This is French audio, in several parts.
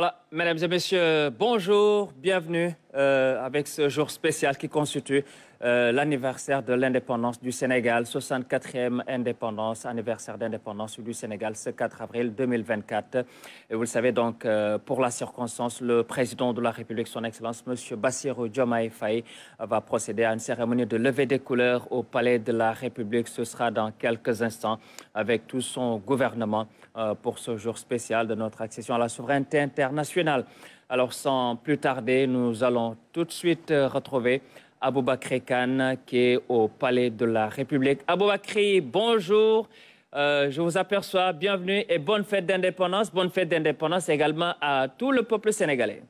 Voilà, mesdames et messieurs, bonjour, bienvenue euh, avec ce jour spécial qui constitue euh, l'anniversaire de l'indépendance du Sénégal, 64e indépendance, anniversaire d'indépendance du Sénégal ce 4 avril 2024. Et vous le savez donc, euh, pour la circonstance, le président de la République, son Excellence, M. Bassirou Diomaye Faye, va procéder à une cérémonie de levée des couleurs au Palais de la République. Ce sera dans quelques instants avec tout son gouvernement euh, pour ce jour spécial de notre accession à la souveraineté internationale. Alors sans plus tarder, nous allons tout de suite retrouver Aboubakri Khan, qui est au Palais de la République. Aboubakri, bonjour. Euh, je vous aperçois. Bienvenue et bonne fête d'indépendance. Bonne fête d'indépendance également à tout le peuple sénégalais.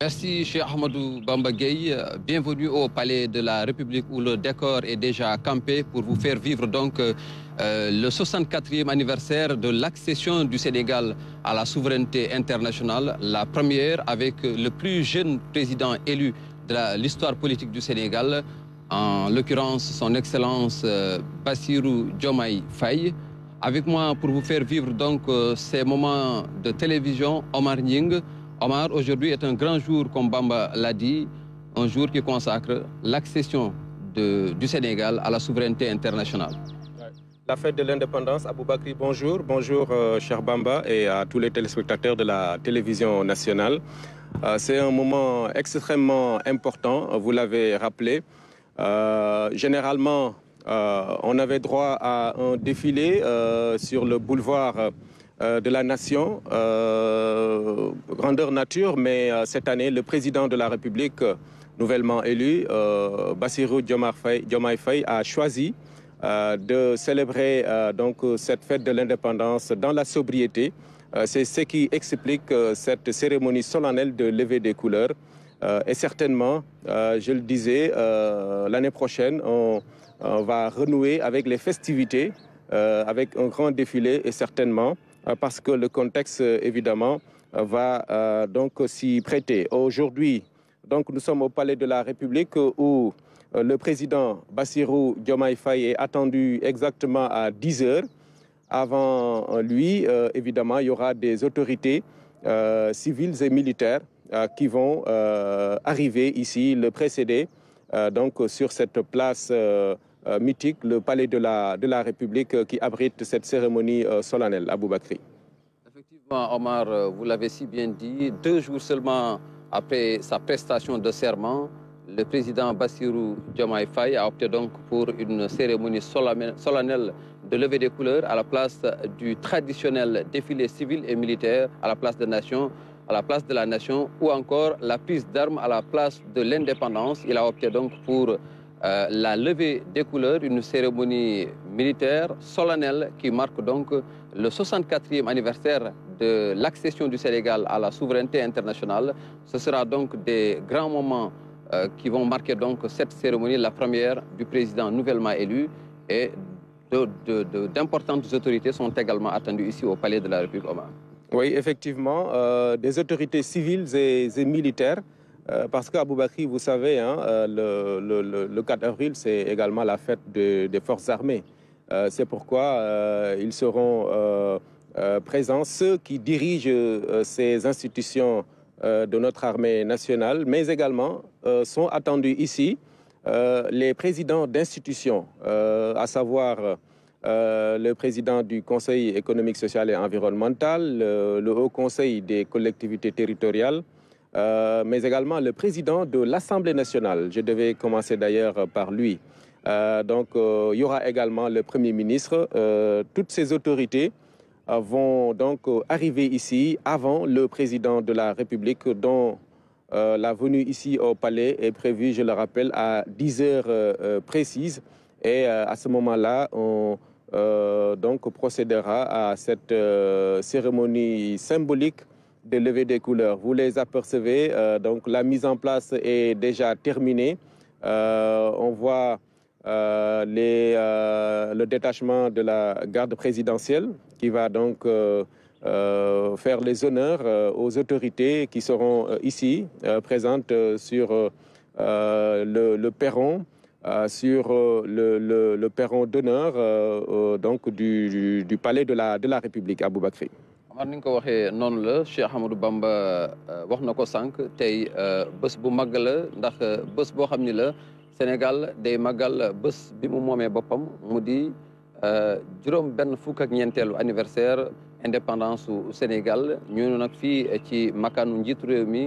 Merci, cher Ahmadou Bambagay. Bienvenue au Palais de la République où le décor est déjà campé pour vous faire vivre donc euh, euh, le 64e anniversaire de l'accession du Sénégal à la souveraineté internationale, la première avec le plus jeune président élu de l'histoire politique du Sénégal, en l'occurrence son Excellence euh, Bassirou Faye. Avec moi pour vous faire vivre donc euh, ces moments de télévision, Omar Ning. Omar, aujourd'hui est un grand jour, comme Bamba l'a dit, un jour qui consacre l'accession du Sénégal à la souveraineté internationale. La fête de l'indépendance, Aboubakri, bonjour. Bonjour, euh, cher Bamba, et à tous les téléspectateurs de la télévision nationale. Euh, c'est un moment extrêmement important, vous l'avez rappelé. Euh, généralement, on avait droit à un défilé sur le boulevard de la nation, grandeur nature, mais cette année, le président de la République, nouvellement élu, Bassirou Diomaye Faye, a choisi euh, de célébrer euh, donc cette fête de l'indépendance dans la sobriété. Euh, c'est ce qui explique cette cérémonie solennelle de lever des couleurs. et certainement, je le disais, l'année prochaine, on, va renouer avec les festivités, avec un grand défilé et certainement, parce que le contexte, évidemment, va donc s'y prêter. Aujourd'hui, donc, nous sommes au Palais de la République où euh, le président Bassirou Diomaye est attendu exactement à 10 heures. Avant euh, lui, euh, évidemment, il y aura des autorités civiles et militaires qui vont arriver ici, le précéder, donc sur cette place mythique, le palais de la, République qui abrite cette cérémonie solennelle à Boubakri. Effectivement, Omar, vous l'avez si bien dit, deux jours seulement après sa prestation de serment, le président Bassirou Diomaye Faye a opté donc pour une cérémonie solennelle de levée des couleurs à la place du traditionnel défilé civil et militaire à la place de nations, à la place de la Nation ou encore la piste d'armes à la place de l'indépendance. Il a opté donc pour euh, la levée des couleurs, une cérémonie militaire solennelle qui marque donc le 64e anniversaire de l'accession du Sénégal à la souveraineté internationale. Ce sera donc des grands moments euh, qui vont marquer donc cette cérémonie, la première du président nouvellement élu et d'importantes autorités sont également attendues ici au Palais de la République Oman. Oui, effectivement, euh, des autorités civiles et, militaires, euh, parce qu'Abou Bakri, vous savez, hein, le, 4 avril, c'est également la fête des forces armées. c'est pourquoi ils seront présents, ceux qui dirigent ces institutions euh, de notre armée nationale, mais également euh, sont attendus ici euh, les présidents d'institutions, à savoir le président du Conseil économique, social et environnemental, le, Haut Conseil des collectivités territoriales, mais également le président de l'Assemblée nationale. Je devais commencer d'ailleurs par lui. donc il y aura également le Premier ministre, toutes ces autorités vont donc euh, arriver ici avant le président de la République dont euh, la venue ici au palais est prévue, je le rappelle, à 10 heures euh, précises. Et à ce moment-là, on donc procédera à cette cérémonie symbolique de levée des couleurs. Vous les apercevez, donc la mise en place est déjà terminée. on voit le détachement de la garde présidentielle qui va donc euh, euh, faire les honneurs euh, aux autorités qui seront ici présentes sur le, le, perron sur le, le, perron d'honneur donc du, du, palais de la, de la République à Boubacri. Amar ni nga ko waxee noonu la Cheikh Amadou Bamba wax na ko sànq tey bu màgg ndax bés boo xam la Sénégal des màggal bés bi mu moomee boppam euh, juróom benn fukk ak ñeenteelu anniversaire indépendance su Sénégal ñu nag fii ci makkaanu njiitu réew mi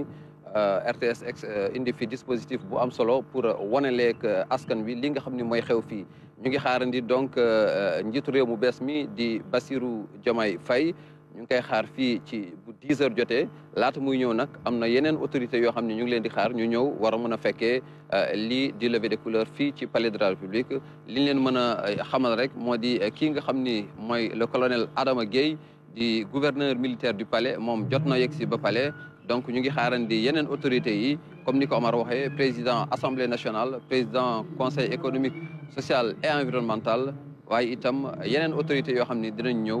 euh, RTS ex euh, indi fi dispositif bu am solo pour wane leeg askan wi li nga xam ne mooy xew fii ñu ngi xaarandi donc njiitu réew mu bees mi di Basirou Diomaye Faye ñu ngi xaar fii ci bu 10 heures jotee laata muy ñëw nak am na yeneen autorités yoo xam ne ñu ngi leen di xaar ñu ñëw war a mën a fekkee euh, lii di lever de couleur fii ci palais de la république li ñu leen mën a euh, xamal rek moo di euh, kii nga xam ni mooy le colonel Adama Gueye di gouverneur militaire du palais moom jot na yegg si ba palais donc ñu ngi xaarandi yeneen autorité yi comme ni ko Omar waxee président assemblée nationale président conseil économique social et environnemental waaye itam yeneen autorité yoo xam ni dinañ ñëw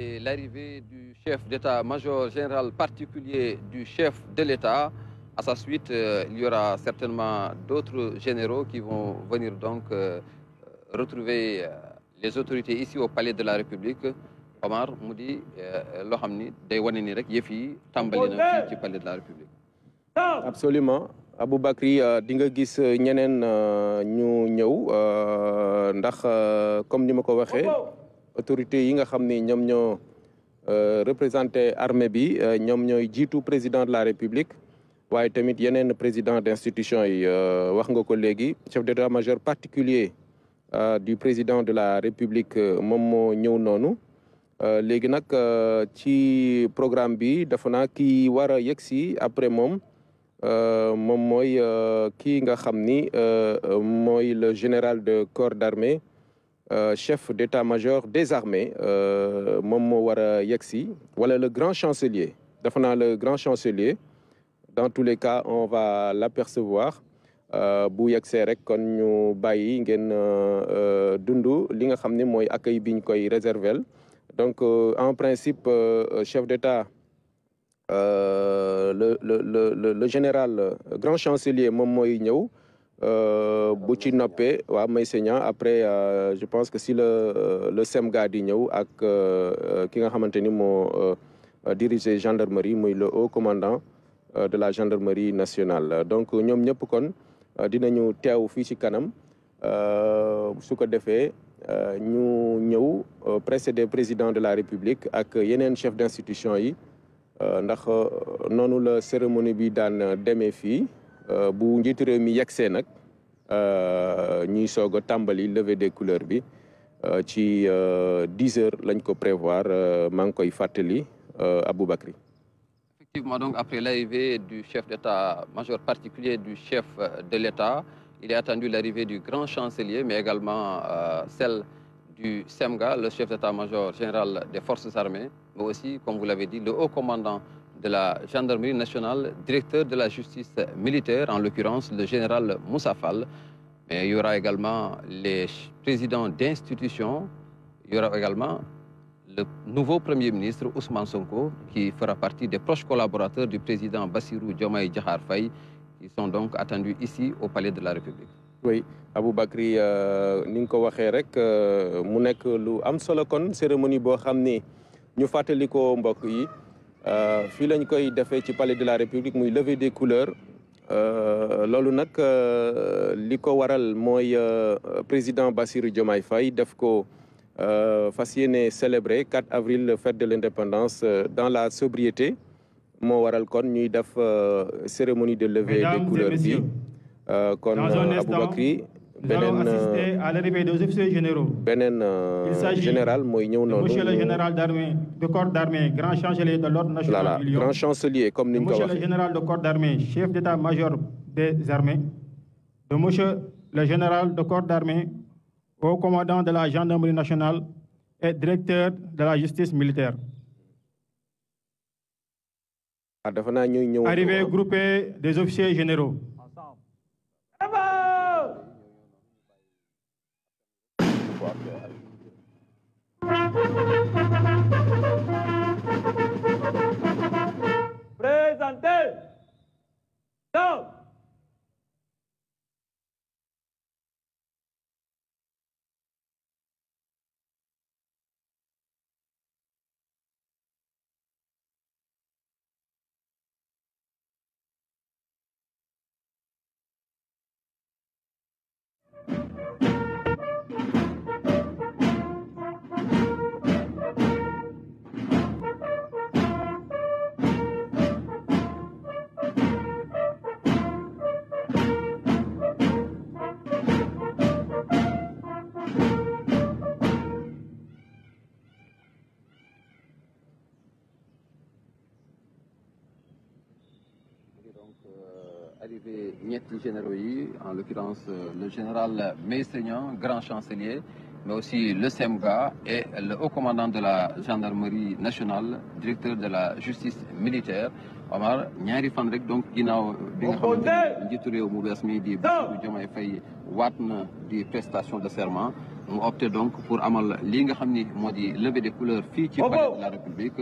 L'arrivée du chef d'état-major général particulier du chef de l'État, à sa suite, euh, il y aura certainement d'autres généraux qui vont venir donc euh, euh, retrouver les autorités ici au Palais de la République. Omar Moudi, Lohamni, loo Palais de la République. absolument Abou Bakri, nga gis ñeneen ñu comme nous Autorité yi nga xamné ñom ñoom euh, représenté armée bi euh, ñom ñoy jitu président de la république waye tamit yenen président d'institution institution yi euh, wax nga ko légui chef d'état major particulier du président de la république moom moo ñëw noonu légui nak ci programme bi dafa ki wara war après mom euh après moy ki nga xamni ni le général de corps d'armée. Euh, chef d'état-major des armées euh, moom moo war a le grand chancelier Dafana, le grand chancelier dans tous les cas on va l'apercevoir euh, bu yegsee rek kon ñu linga ngeen moy li nga réservel donc en principe chef d'état le le le le général grand chancelier moom mooy euh, bu ci noppee waa may après euh, je pense que si le euh, le SEMGA di ñëw ak ki nga maintenu mon diriger gendarmerie muy le haut commandant de la gendarmerie nationale donc nous ñëpp kon dinañu teew fii ci kanam su ko defee ñu ñëw précédé président de la république ak un chef d'institution yi ndax noonu la cérémonie bi daan demee euh, euh, des couleurs bi prévoir Effectivement, donc après l'arrivée du chef d'État-major particulier du chef euh, de l'État, il est attendu l'arrivée du grand chancelier, mais également celle du SEMGA, le chef d'État-major général des forces armées, mais aussi, comme vous l'avez dit, le haut commandant de la gendarmerie nationale, directeur de la justice militaire, en l'occurrence le général Moussafal. Mais il y aura également les présidents d'institutions, il y aura également le nouveau Premier ministre Ousmane Sonko, qui fera partie des proches collaborateurs du président Bassirou Diomaye Djahar Faye, qui sont donc attendus ici au Palais de la République. Oui, Abou Bakri, cérémonie euh, fi lañ koy ci palais de la république muy lever des couleurs euh nag nak euh, liko waral moy euh, président bassir Diomaye Faye def ko le célébrer 4 avril fête de l'indépendance dans la sobriété mo waral kon ñuy def cérémonie de lever des couleurs bi kon Aboubakri. Nous allons euh, assister à l'arrivée des officiers généraux. Euh, Il s'agit de M. monsieur le général d'armée de corps d'armée grand chancelier de l'ordre national du Lion. grand chancelier comme monsieur le général de corps d'armée chef d'état-major des armées. de monsieur le général de corps d'armée au commandant de la gendarmerie nationale et directeur de la justice militaire. arrivé ah, arrivée groupée des officiers généraux. Presente! Não! Thank you. Donc, euh, arrivé en l'occurrence euh, le général Meissegnan, grand chancelier, mais aussi le SEMGA et le haut commandant de la gendarmerie nationale, directeur de la justice militaire, Omar Nyeri fan donc qui bi nga de serment mu opté donc pour amal li nga xam ni moo di levée des couleurs fii ci palais de la République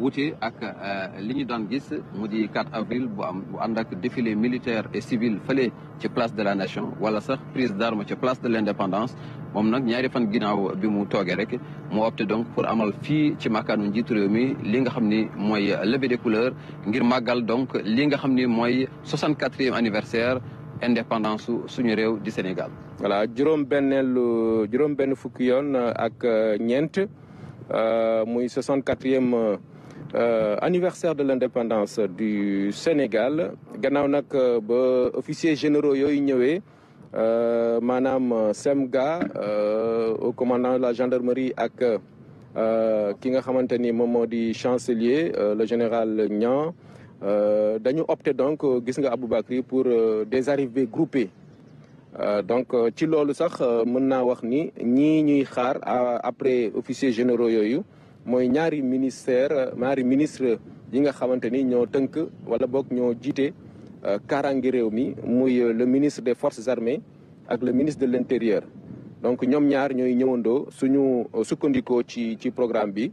wute ak euh, li ñu daan gis mu di 4 avril bu am bu ànd ak défilé militaire et civil fële ci place de la nation wala sax prise d'armes ci place de l'indépendance moom nag ñaari fan ginnaaw bi mu toogee rek mu opté donc pour amal fii ci màkkaanu njiitu réew mi li nga xam ni mooy levée des couleurs ngir màggal donc li nga xam ni mooy 64e anniversaire indépendance suñu réew di Sénégal Jérôme juroom bennel juroom ben fukki euh, ak 64e euh, euh, anniversaire de l'indépendance du Sénégal gannaaw nak ba officier généraux ñëwé euh manam SEMGA au commandant de la gendarmerie ak ki nga chancelier le général Nous dañu opté donc gis pour des arrivées groupées euh, donc euh, ci sax euh, wax ni après officier généraux yooyu moy ñaari ministère ministre yi nga le ministre des forces armées ak le ministre de l'intérieur donc ñom ñaar suñu ci ci programme bi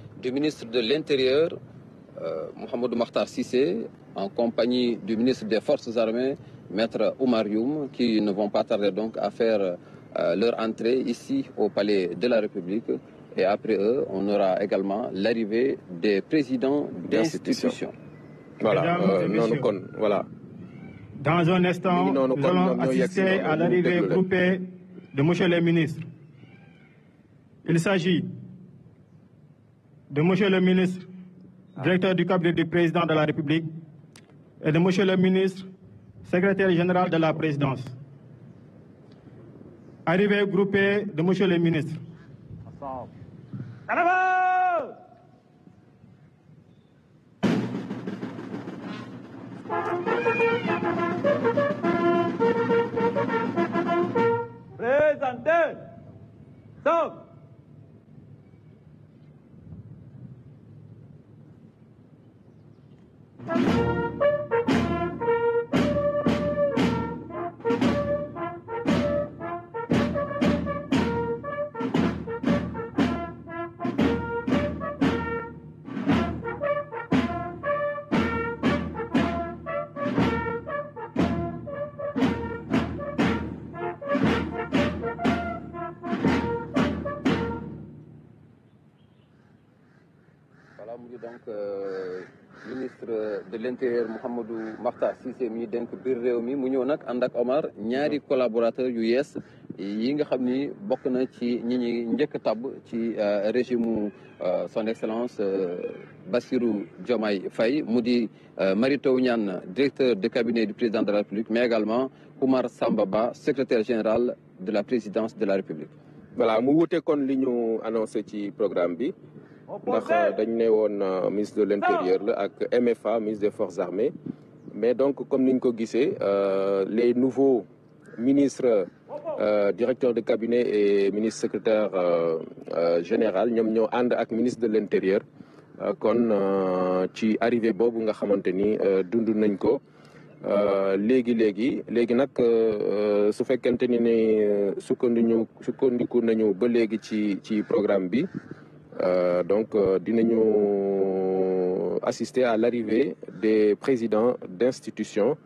du ministre de l'Intérieur, euh, Mohamed Mokhtar Sissé, en compagnie du ministre des Forces armées, Maître Youm qui ne vont pas tarder donc à faire euh, leur entrée ici au Palais de la République. Et après eux, on aura également l'arrivée des présidents d'institutions. Voilà, euh, voilà. Dans un instant, nous allons assister à l'arrivée groupée de M. le ministre. Il s'agit de Monsieur le ministre, directeur du cabinet du président de la République, et de Monsieur le ministre, secrétaire général de la présidence. Arrivé groupe de Monsieur le ministre. Présentez, Stop. Thank you. de l'intérieur Mouhamadou Marta Cissé mi denk bir réew mi mu Omar ñaari collaborateur yu yes yi nga xamni ni bokk na ci euh, régime euh, son excellence euh, Bassirou Diomaye Faye mu Marito Mary directeur de cabinet du président de la République mais également Omar Sambaba, secrétaire général de la présidence de la République voilà mu wuté kon li ñu annoncé ci programme bi ndax euh, dañ ne woon euh, ministre de l' intérieur la ak MFA ministre des forces armées mais donc comme niñ ko gisee euh, les nouveaux ministres directeurs de cabinet et ministre secrétaire général ñoom ñoo ànd ak ministre de l' intérieur kon ci arrivé boobu nga xamante ni dund nañ ko léegi léegi léegi nag su fekkente ni ne sukkandiku sukkandiku nañu ba léegi ci ci programme bi euh, donc, euh, nous assister à l'arrivée des présidents d'institutions.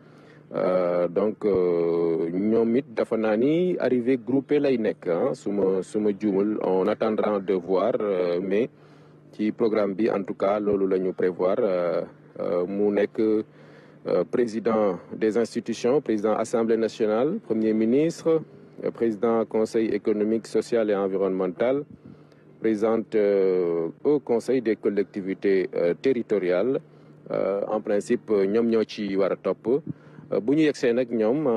Euh, donc, nous avons arrivé groupé module, On attendra de voir, euh, mais qui programme bi en tout cas, nous allons prévoir. Euh, président des institutions, président Assemblée nationale, Premier ministre, président Conseil économique, social et environnemental présente euh, au conseil des collectivités euh, territoriales euh, en principe N'yom ñoo ci top. a topp bu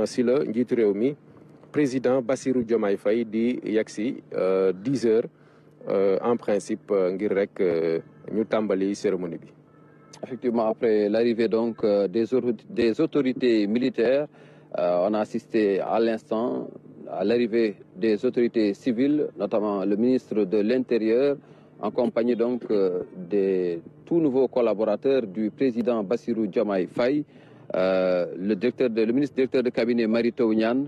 si le président Bassirou Diomaye Faye di 10 heures en principe ngir rek ñu tàmbali cérémonie Effectivement, après l'arrivée donc des autorités militaires, on a assisté à l'instant à l'arrivée des autorités civiles, notamment le ministre de l'Intérieur, compagnie donc euh, des tout nouveaux collaborateurs du président Bassirou Diomaye Faye, euh, le, ministre directeur de cabinet Marito Taouignan,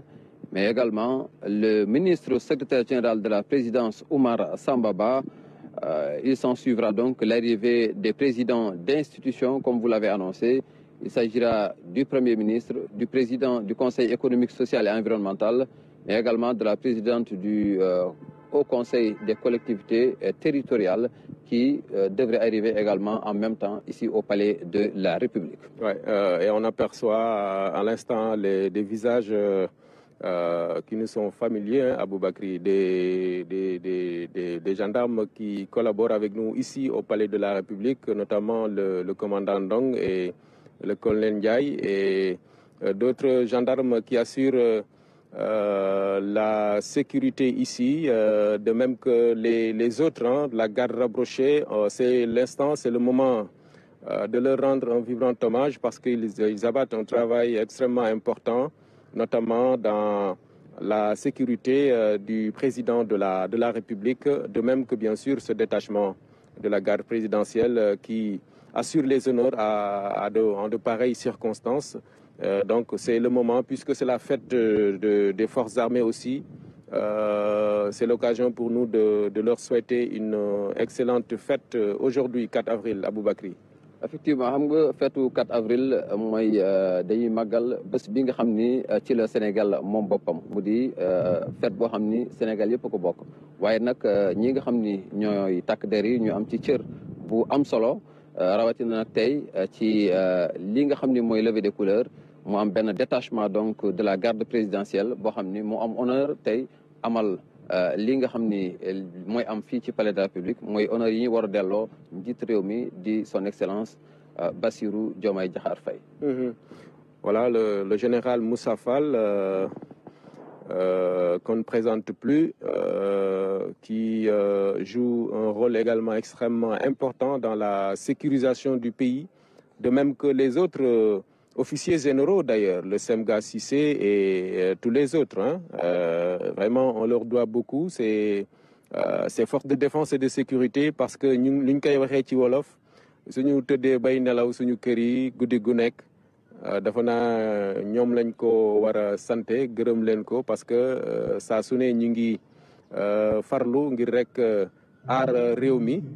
mais également le ministre secrétaire général de la présidence Oumar Sambaba. Euh, il s'en suivra donc l'arrivée des présidents d'institutions, comme vous l'avez annoncé. Il s'agira du Premier ministre, du président du Conseil économique, social et environnemental, mais également de la présidente du euh, Haut Conseil des collectivités euh, territoriales qui euh, devrait arriver également en même temps ici au Palais de la République. Ouais, et on aperçoit à l'instant les, des visages qui nous sont familiers à hein, Boubakri, des, des, gendarmes qui collaborent avec nous ici au Palais de la République, notamment le, le commandant Dong et le colonel Ndiaye et d'autres gendarmes qui assurent euh, la sécurité ici, euh, de même que les, autres, hein, la garde rapprochée, euh, c'est l'instant, c'est le moment de leur rendre un vibrant hommage parce qu'ils abattent un travail extrêmement important, notamment dans la sécurité du président de la, République, de même que bien sûr ce détachement de la garde présidentielle qui assure les honneurs à, en de pareilles circonstances. Euh, donc c'est le moment, puisque c'est la fête de, des forces armées aussi. Euh, c'est l'occasion pour nous de, de, leur souhaiter une euh, excellente fête euh, aujourd'hui, 4 avril, à Boubakri. effectivement xam nga du 4 avril c'est dañuy Magal, bés bi nga xam ci la Sénégal moom boppam mu di fête boo xam Sénégal yëpp ko bokk waaye nag ñi nga xam ni ñooy takk der yi ñu am ci cër bu am solo rawatina nag ci li nga xam ni des couleurs mo am ben détachement donc de la garde présidentielle bo xamni mo am honneur tay amal euh, li nga xamni euh, moy l'honneur am ci palais de la République moy honneur yi ñu war a delloo di son excellence euh, Bassirou Diomaye Diakhar mm-hmm. voilà le, le général Moussa Fall euh, euh, qu'on ne présente plus euh, qui joue un rôle également extrêmement important dans la sécurisation du pays de même que les autres officiers généraux d'ailleurs, le Semga et euh, tous les autres. Hein. Euh, vraiment, on leur doit beaucoup. C'est euh, de défense et de sécurité parce que nous, nous avons Wolof, suñu bay nelaw parce que euh, nous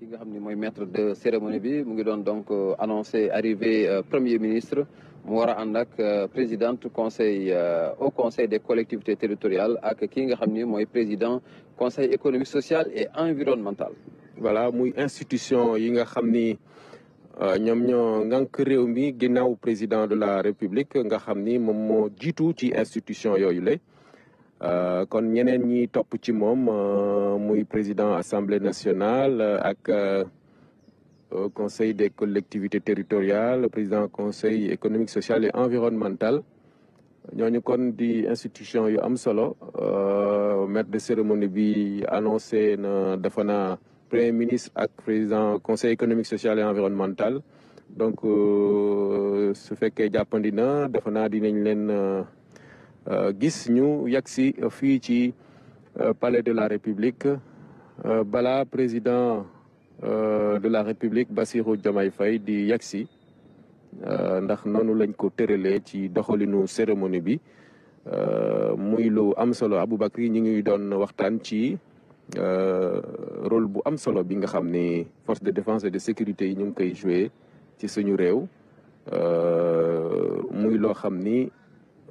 Je suis le maître de cérémonie je vais donc annoncer donc du premier ministre Moi, war a euh, conseil euh, au conseil des collectivités territoriales et ki nga président président conseil économique social et environnemental. voilà muy institution qui nga le euh, président de la république nga suis le institution euh, kon ñeneen ñi topp ci moom euh, muy président assemblée nationale ak euh, conseil des collectivités territoriales président conseil économique social et environnemental ñooñu kon di institution yu am solo maître de cérémonie bi annoncé na premier ministre ak président conseil économique social et environnemental donc su fekkee jàppandi na dafa naa dinañ leen euh, gis ñu yaksi fi ci euh, palais de la république euh, bala président de la république Bassirou Diomaye di yaksi si ndax nonu lañ ko tëralee ci doxalinu cérémonie bi muy lu am solo aboubakri ñi ngi doon waxtaan ci rôle bu am solo bi nga force de défense et de sécurité koy joué ci suñu muy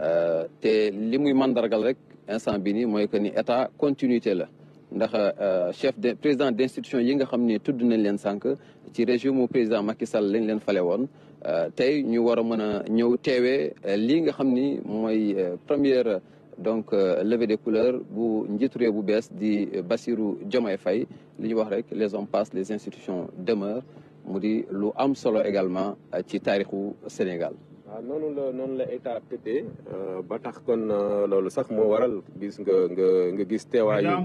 Euh, té li muy mandargal rek instant bi ni moy que ni état continuité la ndax euh, chef de président d'institution yi nga xamné ne tudd nañ len sank ci régime président Macky Sall lañ len falé won euh, tey ñu wara mëna mën a ñëw teewee lii nga xam moy première donc levée des couleurs bu njit réew bu bess di Bassirou Diomaye Faye li ñu wax rek les hommes passent les institutions demeurent mu lu am solo également ci taarixu Sénégal Mesdames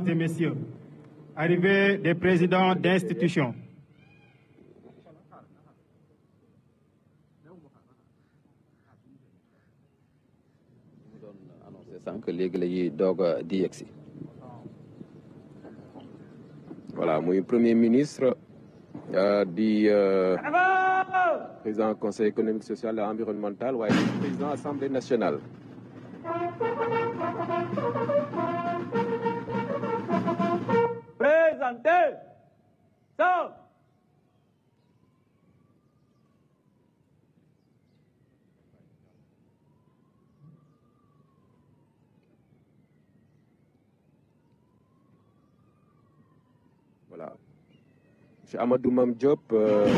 et messieurs, arrivée des présidents d'institutions. voilà mon premier ministre euh, président conseil économique social et environnemental ouais, du président l'Assemblée nationale présenté ci Amadou Mame Diop. Euh,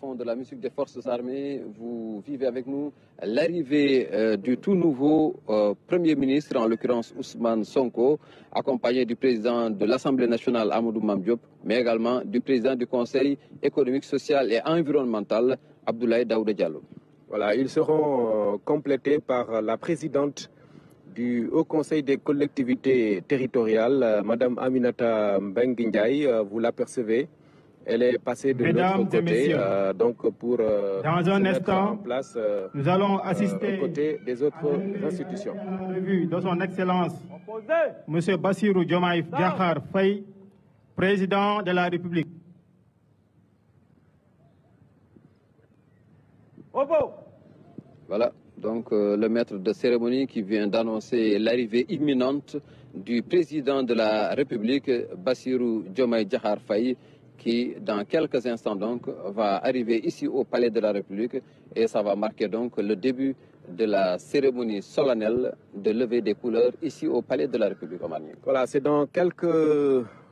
fond de la musique des forces armées, vous vivez avec nous l'arrivée euh, du tout nouveau euh, Premier ministre, en l'occurrence Ousmane Sonko, accompagné du président de l'Assemblée nationale Amadou Mamdiop, mais également du président du Conseil économique, social et environnemental Abdoulaye Daouda Diallo. Voilà, ils seront euh, complétés par la présidente du Haut Conseil des collectivités territoriales, Madame Aminata Mbenguindjaï, vous l'apercevez. Elle est passée de l'autre côté, euh, donc pour euh, dans un instant, euh, nous allons assister côté des autres institutions. À la revue de son Excellence, Monsieur Bassirou Diomaye Diakhar Faye, président de la République. Voilà, donc le maître de cérémonie qui vient d'annoncer l'arrivée imminente du président de la République, Bassirou Diomaye Djahar Faye qui, dans quelques instants, donc, va arriver ici au Palais de la République et ça va marquer donc le début de la cérémonie solennelle de levée des couleurs ici au Palais de la République Voilà, c'est dans quelques,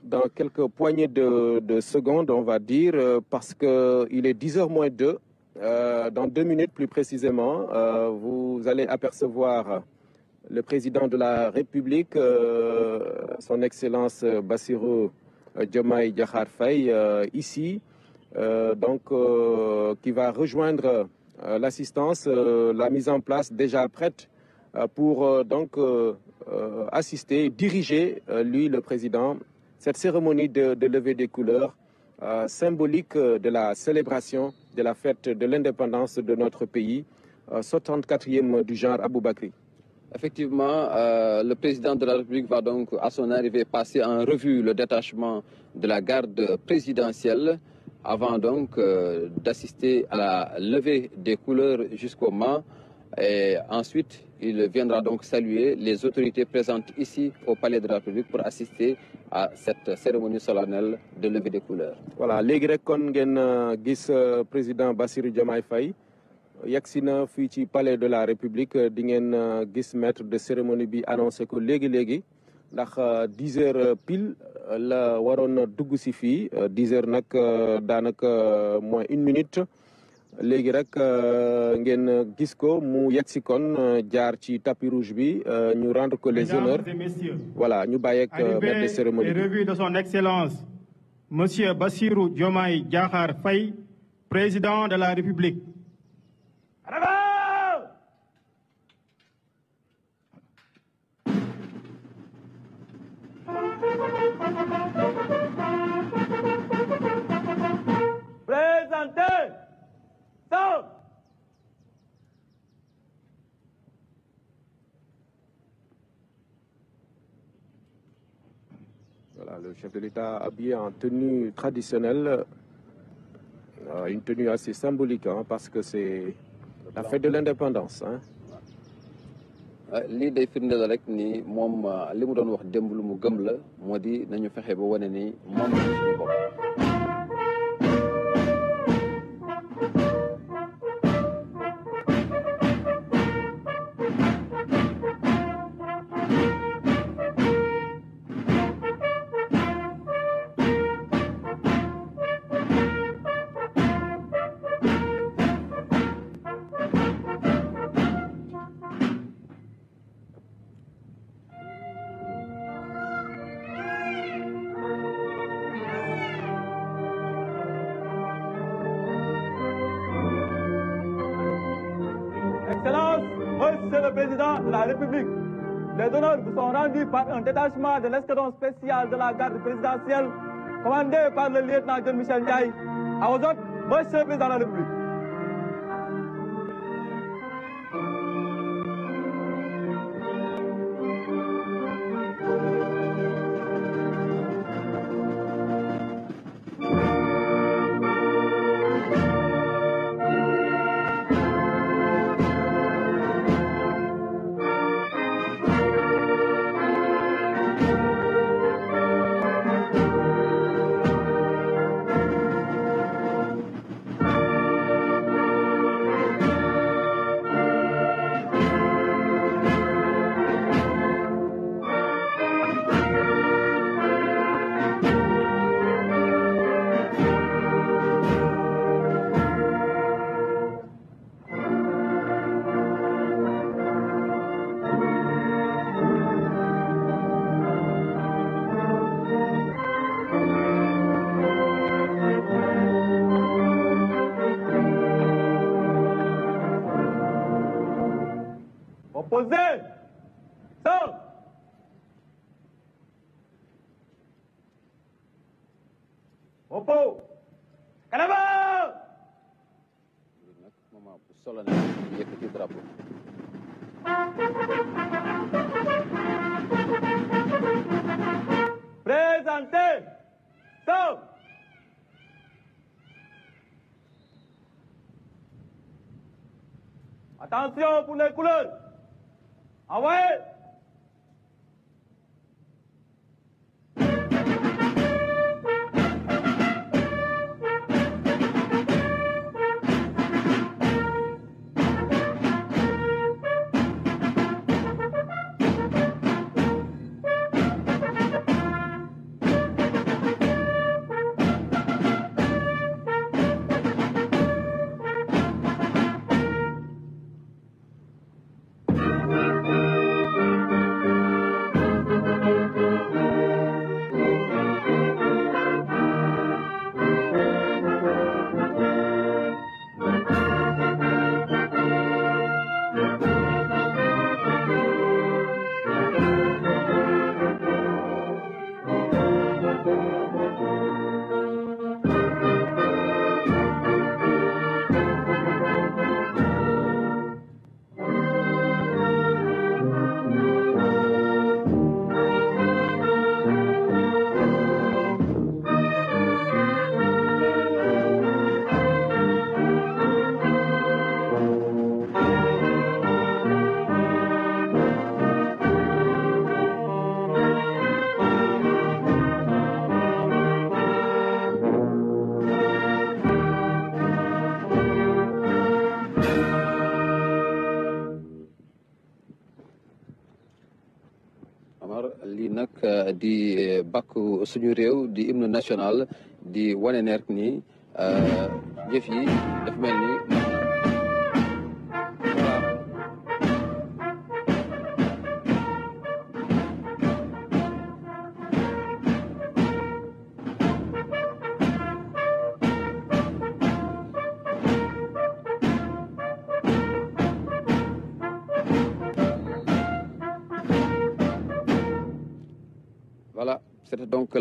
dans quelques poignées de, secondes, on va dire, euh, parce qu'il est 10h moins 2. Euh, dans deux minutes plus précisément, euh, vous allez apercevoir le président de la République, son Excellence Bassiro jamaï euh, Diakhar euh, ici, euh, donc, qui va rejoindre l'assistance, la mise en place déjà prête pour donc assister, diriger, lui le président, cette cérémonie de, levée des couleurs symbolique de la célébration de la fête de l'indépendance de notre pays, 74e du genre Aboubakri. Effectivement, euh, le président de la République va donc, à son arrivée, passer en revue le détachement de la garde présidentielle avant donc euh, d'assister à la levée des couleurs jusqu'au Mans. Et ensuite, il viendra donc saluer les autorités présentes ici au Palais de la République pour assister à cette cérémonie solennelle de levée des couleurs. Voilà, les euh, Grecs, président Bassirou Diomaye yegsi fi ci palais de la république di ngeen euh, gis maître de cérémonie bi annoncé ko légui légui ndax euh, dix heures pile euh, la warone dugg si fii dix heures nag daanaka moins une minute légui rek ngeen gis ko mu yegsi kon jaar ci tapis rouge bi ñu rendre ko les honneurs voilà ñu ak maître de cérémonie bi revue de son excellence monsieur Bassirou Diomaye Diakhar Faye président de la république chef de l'État habillé en tenue traditionnelle, euh, une tenue assez symbolique, hein, parce que c'est la fête de l'indépendance. Hein. Euh, li day firndeel rek ni mom euh, li mu doon wax démb lu mu gëm la moo di nañu fexe ba wane ni moom la de la République. Les honneurs sont rendus par un détachement de l'escadron spécial de la garde présidentielle commandé par le lieutenant michel Ndiaye. À vos autres, monsieur le président de la République. Attention pour les couleurs. Ah ouais di eh, bakk suñu réew di hymne national di wane neer ni euh, jëf yi dafa mel ni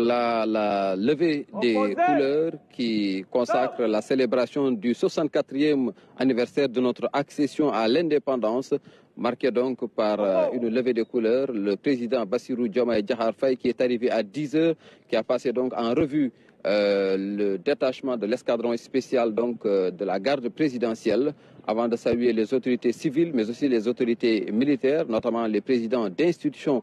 la, levée des couleurs qui consacre la célébration du 64e anniversaire de notre accession à l'indépendance marquée donc par euh, oh. une levée des couleurs. Le président Bassirou Diomaye Djahar Faye qui est arrivé à 10 h qui a passé donc en revue euh, le détachement de l'escadron spécial donc euh, de la garde présidentielle avant de saluer les autorités civiles mais aussi les autorités militaires, notamment les présidents d'institutions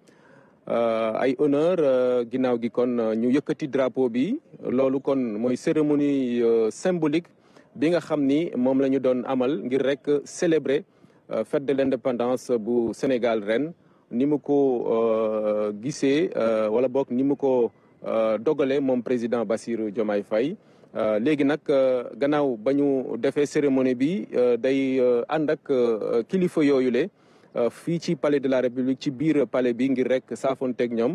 Euh, ay honneur euh, ginaaw gi kon euh, ñu yëkëti drapeau bi loolu kon mooy cérémonie symbolique bi nga xam ni moom la ñu doon amal ngir rek célébrer fête de l'indépendance bu Sénégal ren ni mu ko gisee wala boog ni mu ko dogalee moom président Bassirou Diomaye Faye léegi nag gannaaw ba ñu defee cérémonie bi day ànd ak kilifa yooyule euh, fichi palais de la république Tibir palais Bingirek, ngir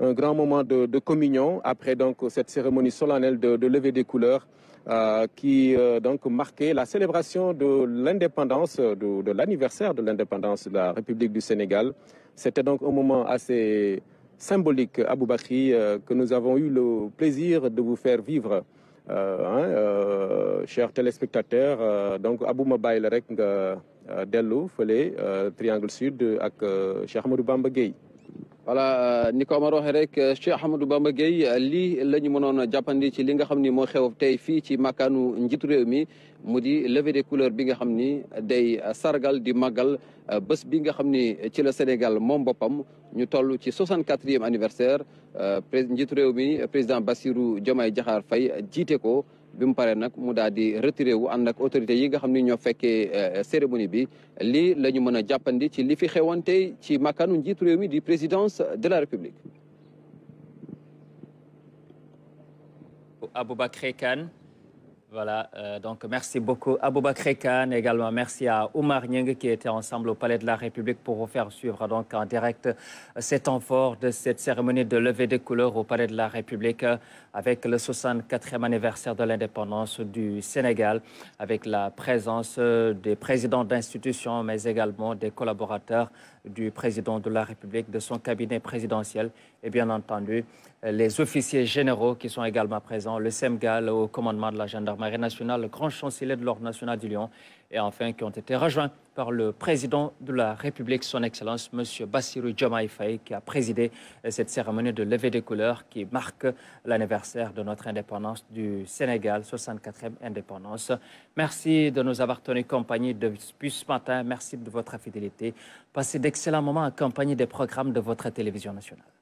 un grand moment de communion après donc cette cérémonie solennelle de levée des couleurs euh, qui euh, donc marquait la célébration de l'indépendance, de, l'anniversaire de l'indépendance de la République du Sénégal. C'était donc un moment assez symbolique, Aboubakri, euh, que nous avons eu le plaisir de vous faire vivre. Hein, chers téléspectateurs, donc Abou Mabaïl Rek, Euh, dellu fële euh, triangle sud ak euh, Cheikh Ahmadou Bamba Gueye voilà ni ko Omar waxee rek Cheikh Ahmadou Bamba Gueye lii la ñu mënoon a jàppandi ci li nga xam ni moo xew tey fii ci makkaanu njiitu réew mi mu di levée des couleurs bi nga xam ni day sargal di màggal bés bi nga xam ni ci la Sénégal moom boppam ñu toll ci 64e anniversaire prés njiitu réew mi président Bassirou Diomaye Diakhar Faye jiite ko. bi mu paree mu daal di retiré wu ànd ak autorité yi nga xamni ni ñoo fekkee euh, cérémonie bi li lañu mëna jappandi ci li fi xewante ci makanu njiitu réew mi di présidence de la république. Aboubacry Kane. Voilà, euh, donc merci beaucoup à Bouba également merci à Oumar Nying qui était ensemble au Palais de la République pour vous faire suivre donc en direct euh, cet fort de cette cérémonie de levée des couleurs au Palais de la République euh, avec le 64e anniversaire de l'indépendance du Sénégal, avec la présence des présidents d'institutions mais également des collaborateurs du président de la République, de son cabinet présidentiel et bien entendu euh, les officiers généraux qui sont également présents, le SEMGAL au commandement de la gendarmerie nationale, le grand chancelier de l'Ordre national du Lyon, et enfin qui ont été rejoints par le président de la République, son Excellence, M. Bassirou Diomaye Faye, qui a présidé euh, cette cérémonie de levée des couleurs qui marque l'anniversaire de notre indépendance du Sénégal, 64e indépendance. Merci de nous avoir tenu compagnie depuis ce matin. Merci de votre fidélité. Passez d'excellents moments en compagnie des programmes de votre télévision nationale.